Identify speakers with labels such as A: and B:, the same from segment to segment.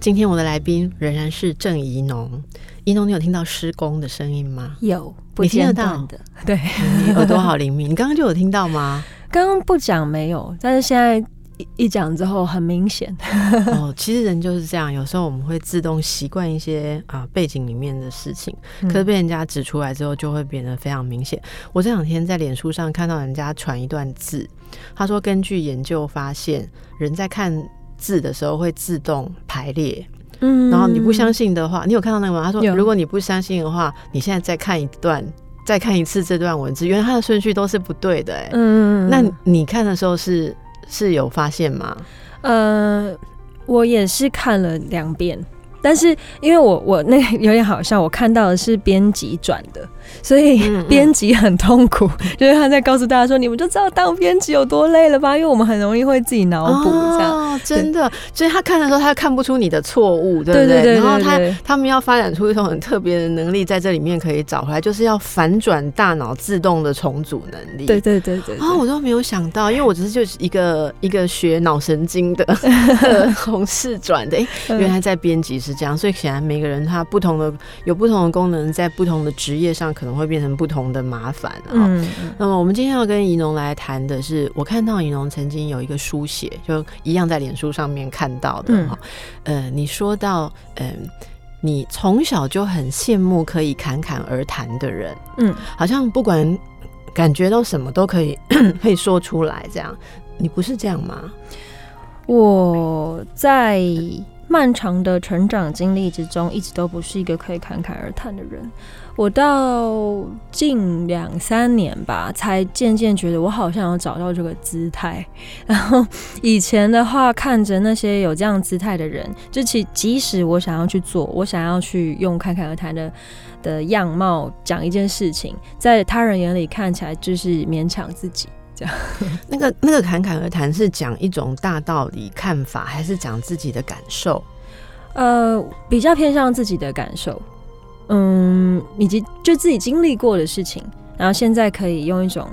A: 今天我的來賓仍然是鄭怡農，怡農，你有聽到施工的聲音嗎？
B: 有，不間斷的。你聽得
A: 到的，對，嗯、你耳朵好靈敏。你剛剛就有聽到嗎？剛
B: 剛不講沒有，但是現在一一講之後，很明顯。
A: 哦，其實人就是這樣，有時候我們會自動習慣一些啊、呃、背景裡面的事情，可是被人家指出來之後，就會變得非常明顯、嗯。我這兩天在臉書上看到人家傳一段字，他說根據研究發現，人在看。字的時候會自動排列，
B: 嗯，然後你不
A: 相信的話，你有看到那個嗎？他說，如果你不相信的話，你現在再看一段，再看一次這段文字，原來它的順序都是不對的，哎，
B: 嗯，那
A: 你看的時候是是有發現嗎？
B: 呃，我也是看了兩遍。但是因為我我那個有點好笑，我看到的是編輯轉的，所以編輯很痛苦、嗯嗯，就是他在告訴大家說：“你們就知道當編輯有多累了吧？”因為我們很容易會自己腦補這樣、啊，
A: 真的。所以他看的時候，他看不出你的錯誤，對，不對，對，對，對，對對對。然後他他們要發展出一種很特別的能力，在這裡面可以找回來，就是要反轉大腦自動的重組能力。對對對，對對對對。啊，我都沒有想到，因為我只是就是一個一個學腦神經的同 事轉的，哎， 原來在編輯是。這樣，所以顯然每個人他不同的有不同的功能，在不同的職業上可能會變成不同的麻煩啊、嗯哦。那麼我們今天要跟宜農來談的是，我看到宜農曾經有一個書寫，就一樣在臉書上面看到的哈、嗯哦。呃，你說到，嗯、呃，你從小就很羨慕可以侃侃而談的人，嗯，好像不管感覺到什麼都可以 可以說出來，這樣，你不是這樣嗎？
B: 我在、呃。漫長的成長經歷之中，一直都不是一個可以侃侃而談的人。我到近兩三年吧，才漸漸覺得我好像有找到這個姿態。然後以前的話，看着那些有這樣姿態的人，就即即使我想要去做，我想要去用侃侃而談的的樣貌講一件事情，在他人眼裡看起來就是勉強自己。
A: 那個那個侃侃而談是講一種大
B: 道理、看法，還是講自己的感受？呃，比較偏向自己的感受，嗯，以及就自己經歷過的事情，然後現在可以用一種，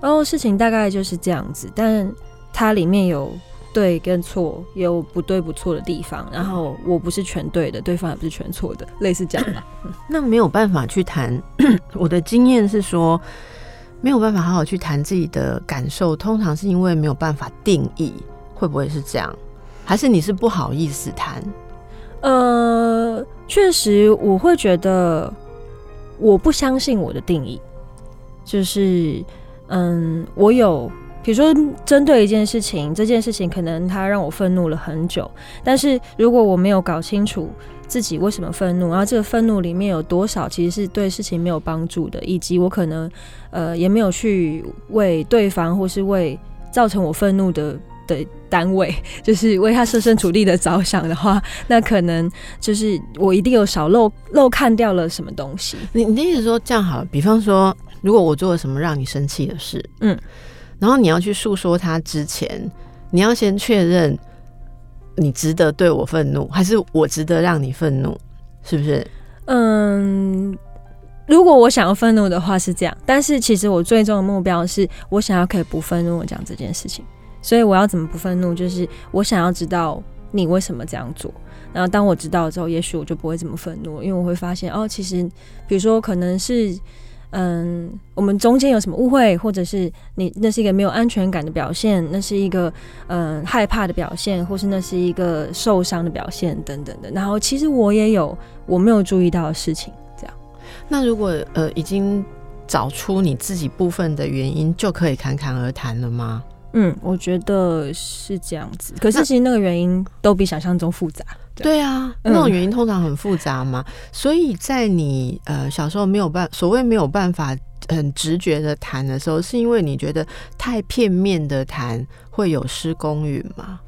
B: 然後，哦，事情大概就是這樣子，但它裡面有對跟錯，有不對不錯的地方，然後我不是全對的，對方也不是全錯的，類似這樣吧。
A: 那沒有辦法去談， 我的經驗是說。沒有辦法好好去談自己的感受，通常是因為沒有辦法定義，會不會是這樣，還是你是不好意思談？
B: 呃，確實，我會覺得我不相信我的定義，就是嗯，我有比如說針對一件事情，這件事情可能他讓我憤怒了很久，但是如果我沒有搞清楚，自己為什麼憤怒？然後這個憤怒裡面有多少其實是對事情沒有幫助的？以及我可能，呃，也沒有去為對方或是為造成我憤怒的的單位，就是為他設身處地的着想的話，那可能就是我一定有少漏漏看掉了什麼東西。你你的意思說這樣好？
A: 比方說，如果我做了什麼讓你生氣的事，嗯，然後你要去訴說他之前，你要先確認。你值得對我憤怒，還是我值得讓你憤怒？是不是？
B: 嗯，如果我想要憤怒的話是這樣，但是其實我最終的目標是我想要可以不憤怒我講這件事情。所以我要怎麼不憤怒？就是我想要知道你為什麼這樣做。然後當我知道之後，也許我就不會這麼憤怒，因為我會發現哦，其實比如說可能是。嗯，我們中間有什麼誤會，或者是你那是一個沒有安全感的表現，那是一個嗯害怕的表現，或是那是一個受傷的表現等等的。然後其實我也有我沒有注意到的事情，這樣。
A: 那如果呃已經找出你自己部分的原因，就可以侃侃而談了嗎？
B: 嗯，我覺得是這樣子。可是其實那個原因都比想象中複雜。對啊，那種原因通常很複雜
A: 嘛。嗯、所以在你呃小時候沒有辦，所謂沒有辦法很、嗯、直覺的談的時候，是因為你覺得太片面的談會有失公允嗎？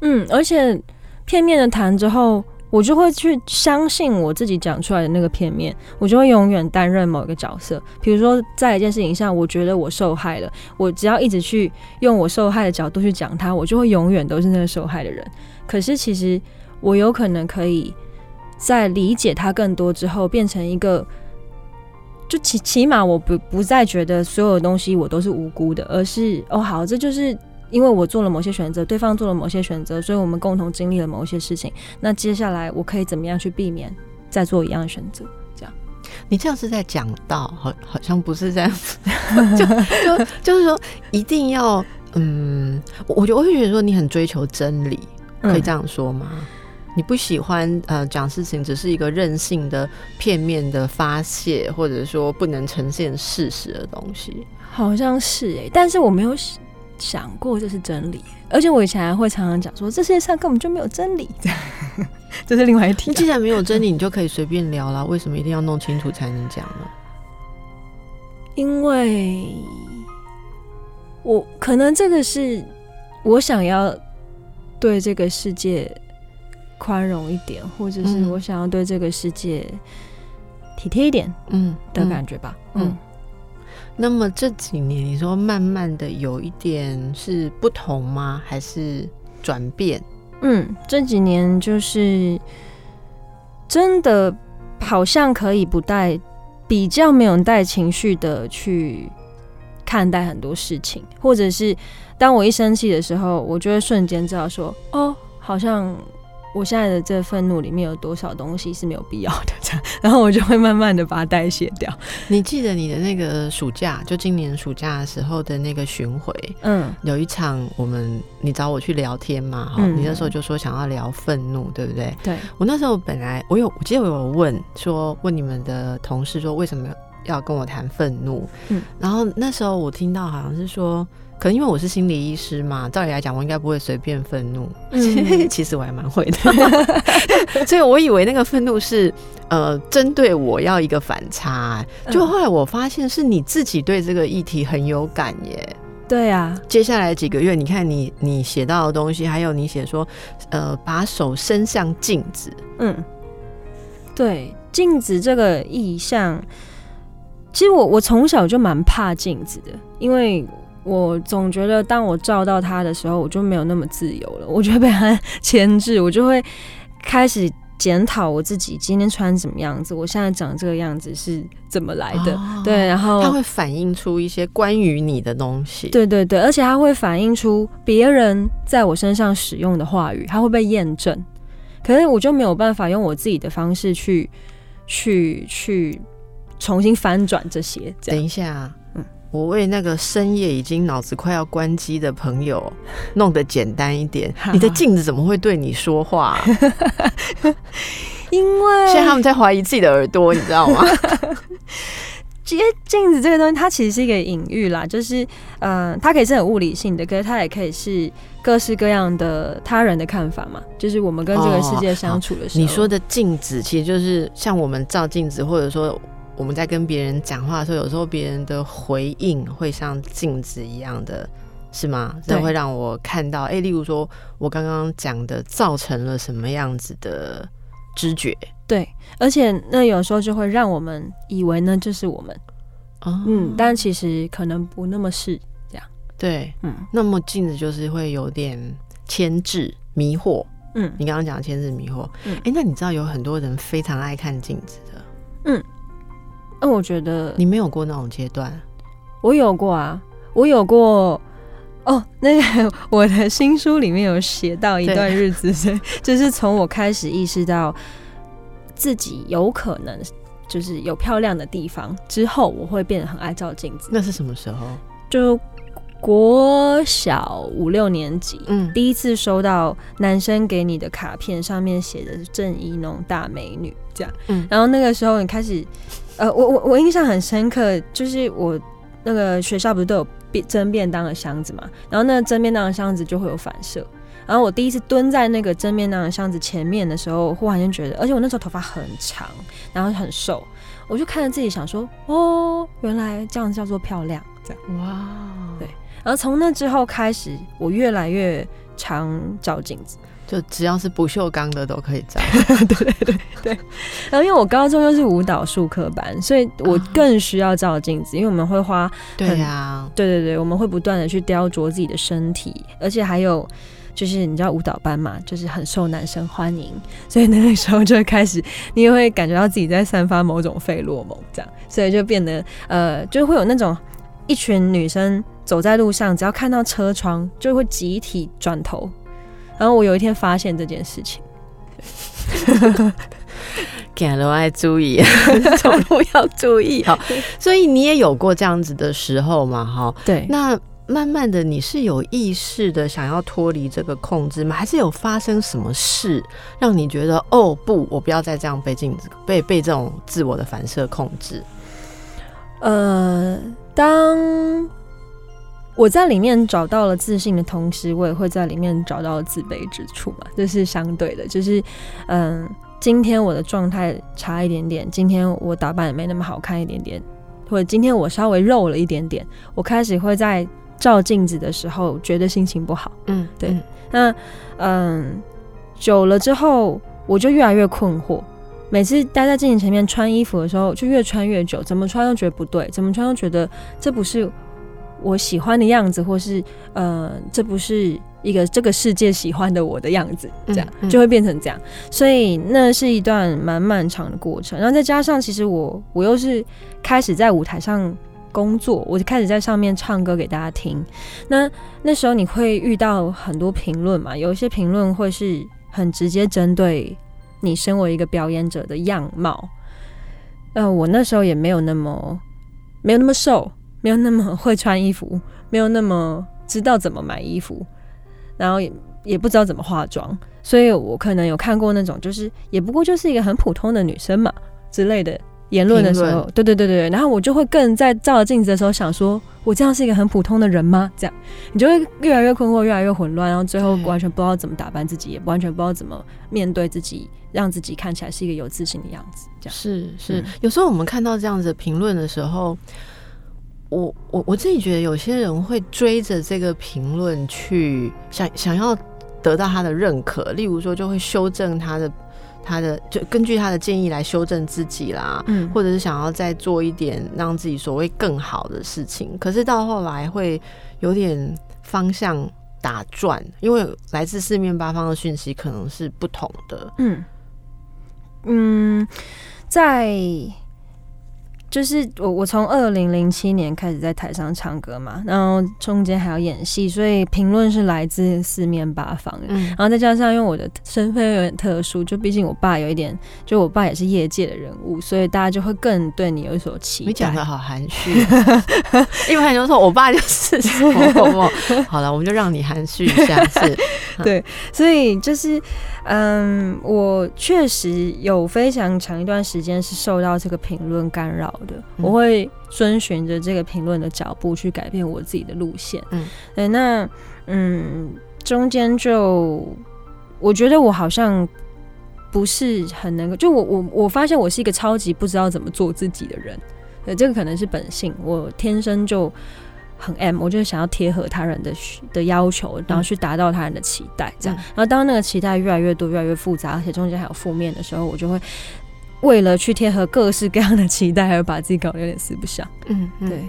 B: 嗯，而且片面的談之後。我就會去相信我自己講出來的那個片面，我就會永遠擔任某一個角色。比如說，在一件事情上，我覺得我受害了，我只要一直去用我受害的角度去講他，我就會永遠都是那個受害的人。可是，其實我有可能可以在理解他更多之後，變成一個，就起起碼我不不再覺得所有東西我都是無辜的，而是哦，好，這就是。因為我做了某些選擇，對方做了某些選擇，所以我們共同經歷了某些事情。那接下來我可以怎麼樣去避免再做一樣的選擇？這樣，
A: 你這樣是在講到，好，好像不是這樣 就就，就是說一定要嗯，我就我會覺，覺得說你很追求真理，
B: 可以這樣
A: 說嗎？嗯、你不喜歡呃講事情只是一個任性的片面的發洩，或者說不能呈現事實的東西，
B: 好像是哎、欸，但是我沒有。想過這是真理，而且我以前還會常常講說，這世界上根本就沒有真理，
A: 這是另外一題、啊。你既然沒有真理，你就可以隨便聊啦，嗯，為什麼一定要弄清楚才能講呢？
B: 因為我可能這個是我想要對這個世界寬容一點，或者是我想要對這個世界體貼一點，
A: 嗯，的感覺吧，嗯。嗯嗯那麼這幾年，你說慢慢的有一點是不同嗎？還是
B: 轉變？嗯，這幾年就是真的好像可以不帶比較，沒有帶情緒的去看待很多事情，或者是當我一生氣的時候，我就會瞬間知道說，哦，好像。我現在的這憤怒裡面有多少東西是沒有必要的？這樣，
A: 然後我就會慢慢的把它代謝掉。你記得你的那個暑假，就今年暑假的時候的那個巡迴，嗯，有一場我們你找我去聊天嘛，哈、嗯，你那時候就說想要聊憤怒，對不對？對。我那時候本來我有，我記得我有問說，問你們的同事說，為什麼要跟我談憤怒？嗯，然後那時候我聽到好像是說。可能因為我是心理醫師嘛，照理來講，我應該不會隨便憤怒。其實我還蠻會的， 所以我以為那個憤怒是呃針對我要一個反差。就後來我發現，是你自己對這個議題很有感耶。嗯、
B: 對啊，
A: 接下來幾個月，你看你你寫到的東西，
B: 還有你寫說呃把手伸向鏡子，嗯，對，鏡子這個意象，其實我我從小就蠻怕鏡子的，因為。我總覺得，當我照到他的時候，我就沒有那麼自由了。我覺得被他牽制，我就會開始檢討我自己今天穿什麼樣子，我現在長這個樣子是怎麼來的？哦、對，然後他會反映出一些關於
A: 你的東西。對對
B: 對，而且他會反映出別人在我身上使用的話語，它會被驗證。可是我就沒有辦法用我自己的方式去、去、去重新翻轉這些，這樣。等一下。
A: 我為那個深夜已經腦子快要關機的朋友弄得簡單一點。你的鏡子怎麼會對你說話？因為現在他們在懷疑自己的耳朵，你知道嗎？
B: 其實鏡子這個東西，它其實是一個隱喻啦，就是嗯、呃，它可以是很物理性的，可是它也可以是各式各樣的他人的看法嘛。就是我們跟這個世界相處的時候、哦，你說
A: 的鏡子，其實就是像我們照鏡子，或者說。我們在跟別人講話的時候，有時候別人的回應會像鏡子一樣的，是嗎？那會讓我看到，哎，例如說我剛剛講的造成了什麼樣子的知覺？
B: 對，而且那有時候就會讓我們以為呢，就是我們、哦，嗯，但其實可能不那麼是這樣。對，嗯，那麼鏡子就是會有點牽
A: 制、迷惑。嗯，你剛剛講的牽制、迷惑。嗯，哎，那你知道有很多人非常愛看鏡子的？
B: 嗯。但、啊、我覺得你沒有過那種階段，我有過啊，我有過哦。那個我的新書裡面有寫到一段日子， 就是從我開始意識到自己有可能就是有漂亮的地方之後，我會變得很愛照鏡子。那是什麼時候？就國小五六年級，嗯，第一次收到男生給你的卡片，上面寫的是鄭宜農大美女這樣，嗯，然後那個時候你開始。呃，我我我印象很深刻，就是我那個學校不是都有便蒸便當的箱子嘛，然後那蒸便當的箱子就會有反射，然後我第一次蹲在那個蒸便當的箱子前面的時候，忽然間覺得，而且我那時候頭髮很長，然後很瘦，我就看着自己想說，哦，原來這樣叫做漂亮，這樣，哇、wow.，對，然後從那之後開始，我越來越常照鏡子。就只要是不鏽鋼的都可以照， 對對對對。然後因為我高中又是舞蹈術科班，所以我更需要照鏡子，因為我們會花對啊，對對對，我們會不斷的去雕琢自己的身體，而且還有就是你知道舞蹈班嘛，就是很受男生歡迎，所以那個時候就會開始，你也會感覺到自己在散發某種費洛蒙，這樣，所以就變得呃，就會有那種一群女生走在路上，只要看到車窗就會集體轉頭。然後我有一天發現這件事情
A: 給 了 我愛注意走 路重來笑要注意好，所以你也有過這樣子的時候嘛？哈對。那慢慢的你是有意識的想要脫離這個控制嗎？還是有發生什麼事讓你覺得哦，不，我不要再這樣被鏡子，被
B: 被這種自我的反射控制？呃當我在裡面找到了自信的同時，我也會在裡面找到自卑之處嘛，這是相對的。就是，嗯，今天我的狀態差一點點，今天我打扮也沒那麼好看一點點，或者今天我稍微肉了一點點，我開始會在照鏡子的時候覺得心情不好。嗯，對，嗯那嗯，久了之後我就越來越困惑，每次待在鏡子前面穿衣服的時候，就越穿越久，怎麼穿都覺得不對，怎麼穿都覺得這不是。我喜歡的樣子，或是呃，這不是一個這個世界喜歡的我的樣子，這樣、嗯嗯、就會變成這樣。所以那是一段蠻漫長的過程。然後再加上，其實我我又是開始在舞台上工作，我就開始在上面唱歌給大家聽。那那時候你會遇到很多評論嘛？有一些評論會是很直接針對你身為一個表演者的樣貌。呃，我那時候也沒有那麼沒有那麼瘦。沒有那麼會穿衣服，沒有那麼知道怎麼買衣服，然後也也不知道怎麼化妝，所以我可能有看過那種，就是也不過就是一個很普通的女生嘛之類的言論的時候，對對對對，然後我就會更在照鏡子的時候想說，我這樣是一個很普通的人嗎？這樣你就會越來越困惑，越來越混亂，然後最後完全不知道怎麼打扮自己，也完全不知道怎麼面對自己，讓自己看起來是一個有自信的樣子。這樣是
A: 是，嗯，有時候我們看到這樣子評論的時候。我我我自己覺得，有些人會追着這個評論去想，想要得到他的認可。例如說，就會修正他的、他的，就根據他的建議來修正自己啦。嗯，或者是想要再做一點讓自己所謂更好的事情。可是到後來會有點方向打轉，因為來自四面八方的訊息可能是不同的。
B: 嗯嗯，在。就是我，我從二零零七年開始在台上唱歌嘛，然後中間還要演戲，所以評論是來自四面八方的，然後再加上因為我的身份有點特殊，就畢竟我爸有一點，就我爸也是業界的人物，所以大家就會更對你有所期待。你講的好含蓄啊， 因為很多人說我爸就是某某
A: 某。好了，我們就讓你含蓄一下，是
B: 對，所以就是，嗯，我確實有非常長一段時間是受到這個評論干擾。我會遵循着這個評論的腳步去改變我自己的路線。嗯，那嗯，中間就我覺得我好像不是很能夠，就我我我發現我是一個超級不知道怎麼做自己的人。對，這個可能是本性，我天生就很 M，我就想要貼合他人的的要求，然後去達到他人的期待，這樣，嗯。然後當那個期待越來越多，越來越複雜，而且中間還有負面的時候，我就會。為了去貼合各式各樣的期待，而把自己搞得有點四不像。嗯。嗯，對。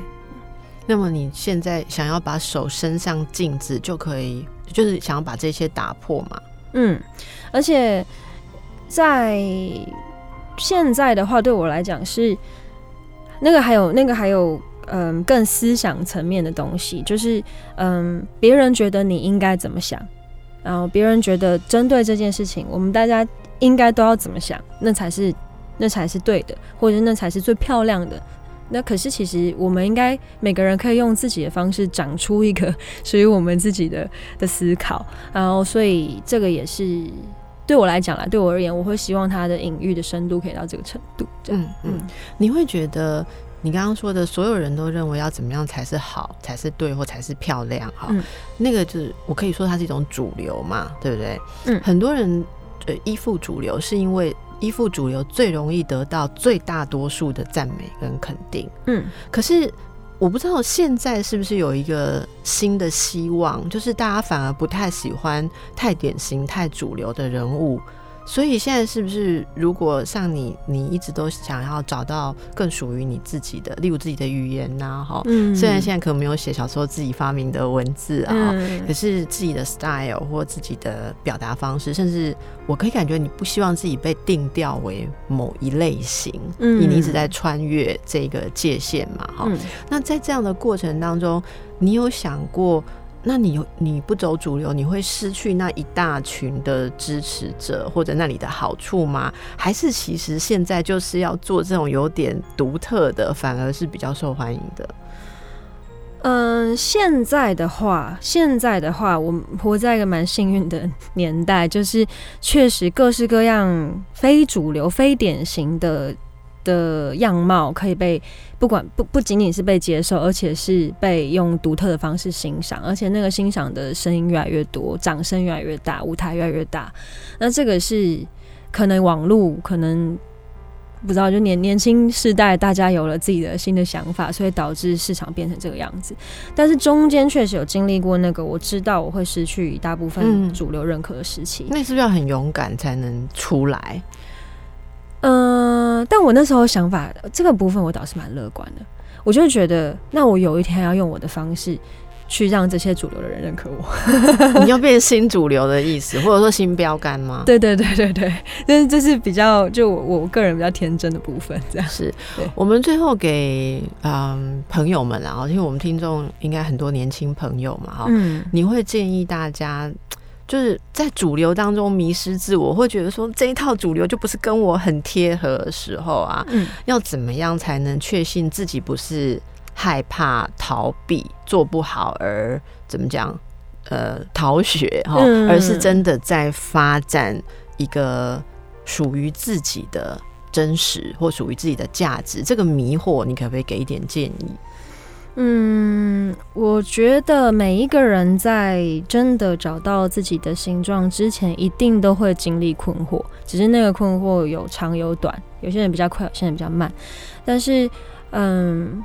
B: 那
A: 麼你現在想要把手伸向鏡子，就可以，就是想要把這些打
B: 破嘛？嗯。而且在現在的話，對我來講是那個，還有那個，還有嗯，更思想層面的東西，就是嗯，別人覺得你應該怎麼想，然後別人覺得針對這件事情，我們大家應該都要怎麼想，那才是。那才是對的，或者那才是最漂亮的。那可是其實我們應該每個人可以用自己的方式長出一個屬於我們自己的的思考。然後，所以這個也是對我來講啦，對我而言，我會希望它的隱喻的深度可以到這個程度
A: 這樣。嗯嗯，嗯，你會覺得你剛剛說的所有人都認為要怎麼樣才是好，才是對，或才是漂亮？哈、嗯，那個就是我可以說它是一種主流嘛，對不對？嗯，很多人呃依附主流是因為，依附主流最容易得到最大多數的讚美跟肯定。嗯，可是我不知道現在是不是有一個新的希望，就是大家反而不太喜歡太典型、太主流的人物。所以現在是不是，如果像你，你一直都想要找到更屬於你自己的，例如自己的語言吶、啊,哈、嗯，雖然現在可能沒有寫小說候自己發明的文字啊、嗯，可是自己的 style 或自己的表達方式，甚至我可以感覺你不希望自己被定調為某一類型，嗯、你一直在穿越這個界限嘛，哈、嗯，那在這樣的過程當中，你有想過？那你有你不走主流，你會失去那一大群的支持者或者，那裡的好處嗎？還是其實現在就是要做這種有點獨特的，反而是比較受歡迎的？嗯、
B: 呃，現在的話，現在的話，我活在一個蠻幸運的年代，就是確實各式各樣非主流、非典型的。的樣貌可以被不管不、不僅僅是被接受，而且是被用獨特的方式欣賞，而且那個欣賞的聲音越來越多，掌聲越來越大，舞台越來越大。那這個是可能網絡，可能不知道，就年、年輕世代大家有了自己的新的想法，所以導致市場變成這個樣子。但是中間確實有經歷過那個，我知道我會失去一大部分主流認可的時期、嗯。那是不是要很勇敢才能出來？嗯、呃。嗯，但我那時候想法這個部分我倒是蠻樂觀的，我就覺得那我有一天要用我的方式去讓這些主流的人認可我。
A: 你要變新主流的意思，或者說新標桿嗎？對對
B: 對對對，這是這是比較就我
A: 我個人比較天真的部分，這樣是。我們最後給嗯、呃、朋友們啊，因為我們聽眾應該很多年輕朋友嘛，哈，嗯，你會建議大家。就是在主流當中迷失自我，會覺得說，這一套主流就不是跟我很貼合的時候啊，嗯，要怎麼樣才能確信自己不是害怕逃避、做不好，而怎麼講呃逃學哈，嗯，而是真的在發展一個屬於自己的真實或屬於自己的價值？這個迷惑，你可不可以給一點建議？嗯。
B: 我覺得每一個人在真的找到自己的形狀之前，一定都會經歷困惑。只是那個困惑，有長有短，有些人比較快，有些人比較慢。但是，嗯，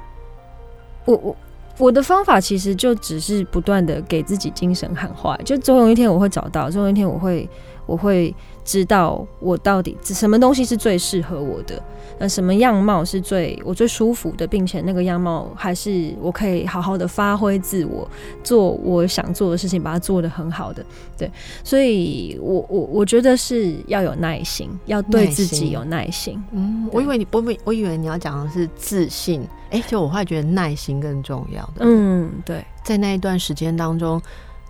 B: 我我我的方法其實就只是不斷的給自己精神喊話，就總有一天我會找到，總有一天我會。我會知道我到底什麼東西是最適合我的，那什麼樣貌是最我最舒服的，並且那個樣貌還是我可以好好的發揮自我，做我想做的事情，把它做得很好的。對，所以我我我覺得是要有耐心，要對自己有耐心。耐心，嗯，
A: 我以為你。不，我我以為你要講的是自信。哎、欸，就我會覺得耐心更重要的。嗯，對，在那一段時間當中。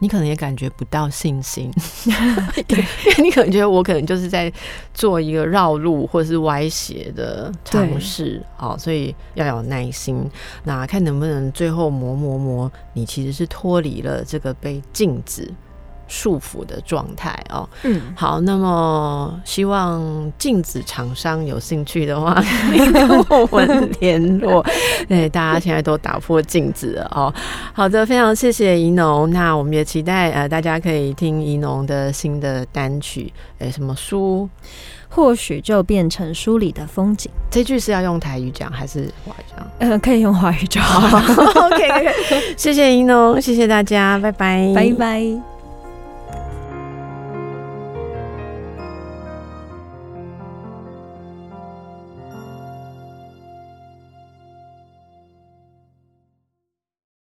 A: 你可能也感覺不到信心， 對笑因為你可能覺得我可能就是在做一個繞路或是歪斜的嘗試，好、哦，所以要有耐心，那看能不能最後磨磨磨，你其實是脫離了這個被鏡子束縛的狀態哦。嗯，好，那麼希望鏡子廠商有興趣的話，可以跟我們聯絡 對。大家現在都打破鏡子了哦。好的，非常謝謝宜農。那我們也期待呃，大家可以聽宜農的新的單曲，哎、欸，什麼書？或許就變成書裡的風景。這句是要用台語講還是華語講？呃，可以用華語講。好， OK OK。謝謝宜農，謝謝大家， 拜拜，拜拜。